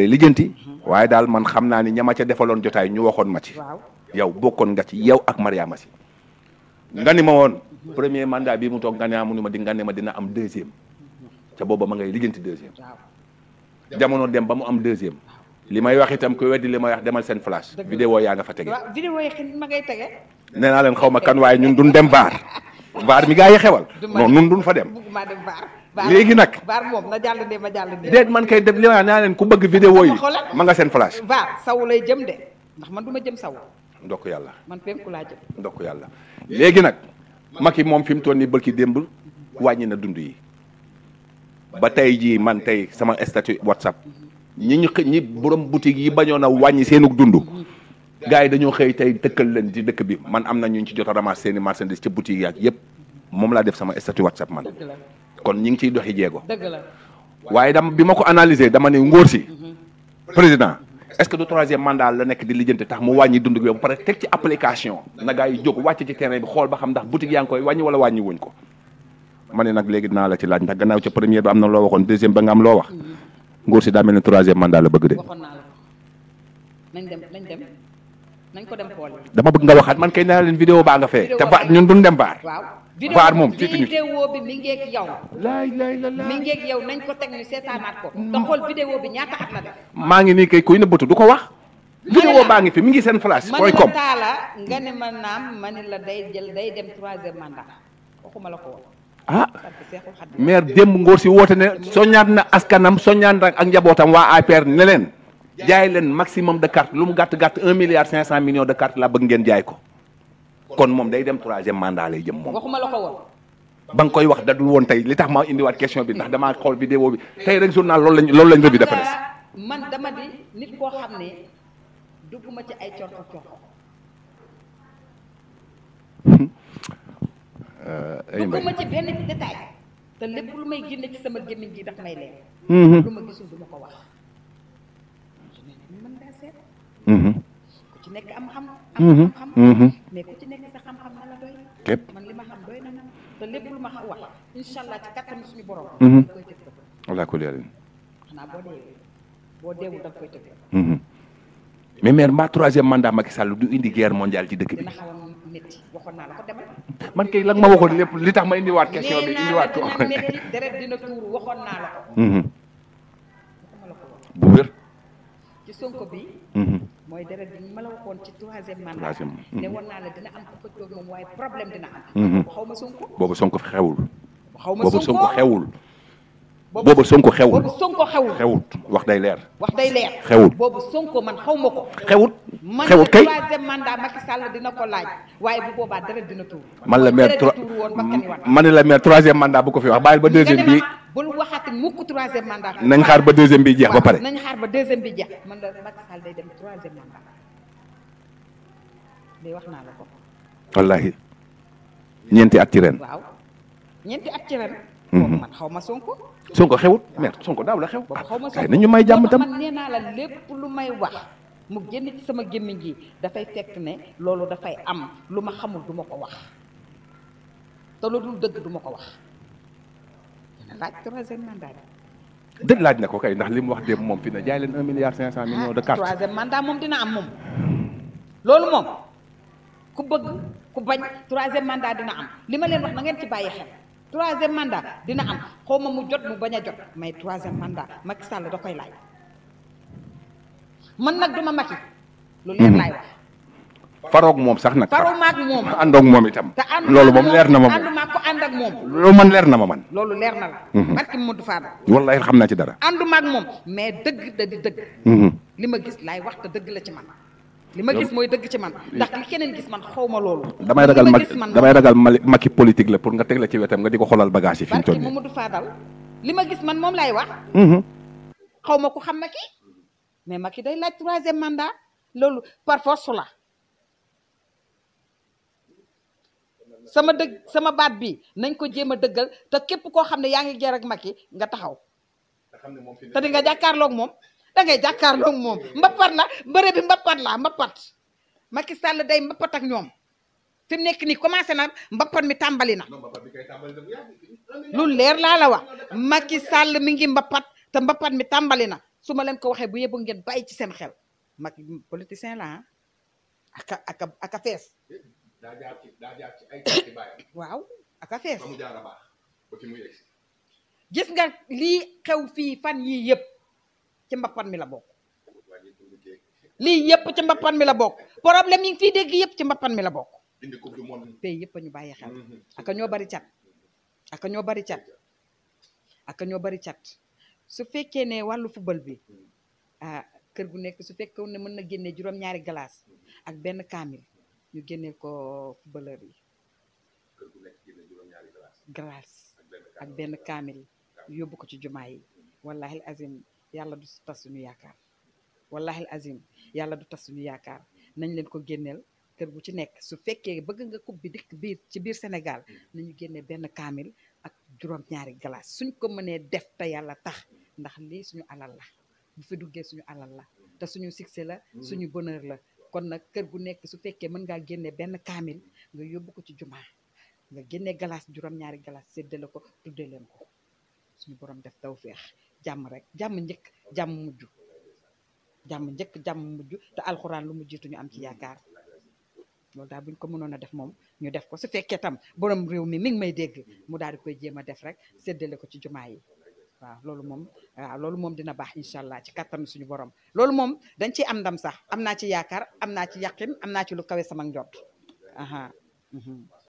day lijjanti mhm. waaye daal man xam naa ni ñama ca defaloon jotaay ñu waxoon ma ci yow bokkoon nga ci yow ak Mariama si nga ni ma woon premier mandat bi mu toog nga ne amu ah ni ma di nga ne ma dina am deuxième ca booba ma ngay lijjanti deuxième jamono dem ba mu am deuxième li may wax itam ku weddi li may wax demal seen flash vidéo yaa nga fa tege vidéo yi ma ngay naa leen xaw ma kan waaye ñun duñ dem baar baar mi gaa yi xewal non nun duñ fa dem bëgguma dem baar léegi nag baar moom na jàll de ma jàll man kay dem li ma naa leen ku bëgg vidéo yi ma nga seen flash baar saw lay jëm de ndax man du ma jëm saw ndokk yàlla man penku laa jëm ndokk yàlla léegi nag Macky moom fi mu toll nii bëlki démb wàññi na dund yi ba tey jii man tey sama statut WhatsApp ñi ñu ñi borom boutique yi bañoon a wàññi seenug dund gars yi dañoo xëy tey dëkkal leen ci dëkk bi man am na ñu ci jot a ramas seeni marchandise ca boutique yaak yëpp moom laa def sama statut whatsapp man kon ñi ngi ciy doxi jéego waaye dama bi ma ko analyser dama ne ngóor si mhm. président est-ce que du troisième mandat la nekk di lijjanti tax mu wàññi dund gi ba pare teg ci application na gars yi jóg wàcc ci terrain bi xool ba xam ndax boutique yaa ngi koy wàññi wala wàññi wuñ ko ma ne nag léegi dinaa la ci laaj ndax gannaaw ca première ba am na loo waxoon deuxième ba nga am loo wax mhm. ngóor si daa mel ne troisième mandat la bëgg de nañ nañ ko dem xool dama bëgg nga waxaat man kay naa leen vidéo baa nga fee. te ba ñun duñ dem baar. waaw moom bi mi ngeeg yow. laay laay la laay mi ngeeg yow nañ ko teg ñu seetaanaat ko. te xool vidéo bi ñaata at la def. maa ngi nii kay kuy nëbbatu du ko wax. vidéo ngi fi mi ngi seen flash. mooy comme man ne ma naam ma la day day dem troisième mandat waxuma la ko woon. ah maire démb ngóor si woote ne soññaat na askanam soññaat na ak njabootam waa APR ne leen jaay leen maximum de cartes lu mu gàtt gàtt un milliard cinq cent millions de cartes la bëgg ngeen jaay ko kon moom day dem troisième mandat lay jëm moom. waxuma la ko woon. ba nga koy wax dadul woon tey li tax ma indiwaat question bi ndax damaa xool vidéo bi tey rek journal loolu lañ loolu lañ revue de presse. man koo xam ne dugguma ci ay corko corko. Euh, dugguma ci benn te lépp lu may génne ci sama gémmiñ gi daf may leer. Mm-hmm. ko wax. seet. Mm-hmm. ku ci nekk am xam. am mm-hmm. xam mm-hmm. mais man li ma xam doy Sall du indi guerre mondiale ci dëkk bi. a la man kay lan ma waxoon lépp li tax ma indiwaat question bi indiwaat ko. nee naa la dina métti deret dina tuuru waxoon naa la ko. bu wér. sonko bi. Mhm. mooy deret bi ma la waxoon ci troisième mandat. Mhm. naa la dina am ku ko toog moom xaw ma sonko. boobu xewul. xaw ma sonko boobu sonko xewul. boobu sonko xewul wax day leer. wax day leer xewut. boobu sonko man xaw ma ko. xewut xewut kay man la troisième dina ko laaj waaye bu boobaa deret dina tuur. man la maire tro man la maire troisième mandat bu ko fi wax bàyyil ba deuxième bii. bul waxati mukk troisième mandat. nañ xaar ba deuxième bi jeex ba pare. nañ xaar ba deuxième bi jeex man la Macky Sall day dem troisième mandat lii wax naa la ko. wallaahi ñeenti at ci ren. waaw ñeenti at ci ren. boobu mhm. man xaw ma Sonko. Sonko xewut mer Sonko daaw la xew. boobu xaw ma Sonko nañu may jàmm tam man nee naa la lépp lu may wax. mu génn ci sama gémmiñ gi dafay fekk ne loolu dafay am lu ma xamul du ko wax te lu dul dëgg du ko wax. laaj troisième mandat bi. laaj na ko kay ndax li mu wax démb moom fi na jaay leen un milliard cinq cent millions de cartes. Ah, troisième mandat moom dina am moom. loolu moom ku bëgg ku bañ troisième mandat dina am li ma ngeen ci bàyyi xel. troisième mandat dina ma mu jot mu bañ a jot mais troisième mandat Macky Sall da koy laaj man nag duma Macky lu leer laay wax faroog moom sax nag faroog maag moom àndoog moom itam loolu moom leer na moom àndu maag moom. loolu man leer na ma man. loolu leer na la. Mhm. barki Modou Fada. wallaahi xam naa ci dara. ànduma ak moom mais dëgg da di dëgg. Mhm. li ma gis laay wax te dëgg la ci man. li ma gis mooy dëgg ci man ndax li keneen gis man xaw ma loolu. damay ragal mag damay ragal maki politique la pour nga teg la ci wetam nga di ko xoolal bagage yi. fi mu toll nii barki li ma gis man moom laay wax. Mhm. xaw ma ku xam Macky mais Macky day laaj troisième mandat loolu par la. sama dëgg sama baat bi nañ ko jéem a dëggal te képp koo xam ne yaa ngi ger ak Macky nga taxaw te di nga jàkkaarloog moom da ngay jàkkaarloog moom mbapat la mbëre bi mbapat la mbapat Macky Sall day mbapat ak ñoom fi nekk nii commencé na mbapat mi tàmbali na lu leer laa la wax Macky Sall mi ngi mbapat te mbapat mi tàmbali na su ma leen ko waxee bu yëbu ngeen bàyyi ci seen xel Macky politicien la ah aka aka fees waaw ak a baax gis nga lii xew fii fan yii yëpp ci mbappan mi la bokk lii yëpp ci mbappan mi la bokk problème yi ngi fii dégg yëpp ci mbappan mi la bokk tey yëpp ñu bàyyi xel mhm. ak ñoo bari cat ak ñoo bari cat ak ñoo bari cat su fekkee ne wàllu football bi mhm. ah, kër gu nekk su fekkoon ne mën na génne juróom-ñaari glace mhm. ak benn kaamil ñu génneel ko footballeur yi grâce ak benn kaamil yóbbu ko ci jumaa yi wallahil azim yàlla du tas suñu yaakaar wallahil azim yàlla du tas yaakaar nañ leen ko génneel kër bu ci nekk su fekkee bëgg nga coupe bi biir ci biir Sénégal nañu génnee benn kaamil ak juróom-ñaari glace suñ ko mënee def te yàlla tax ndax lii suñu alal la bu fi duggee suñu alal la te suñu succès la mm-hmm. suñu bonheur la kon nag kër gu nekk su fekkee mën ngaa génne benn kaamil nga yóbbu ko ci jumaa nga génne galaas juróom-ñaari galaas séddale ko tuddee leen ko suñu borom def tawféex jàmm rek jàmm njëkk jàmm jàmm njëkk jàmm mujj te alxuraan lu mu jiitu ñu am ci yaakaar loolu daal buñ ko mënoon a def moom ñu def ko su fekkee tam borom réew mi mi ngi may dégg mu daal di koy jéem a def rek séddale ko ci jumaa yi waaw loolu moom waaw loolu moom dina baax incha allah ci kattanu suñu borom loolu moom dañ ciy am ndam sax am naa ci yaakaar am naa ci yaqin am naa ci lu kawe sama njort aha mhm.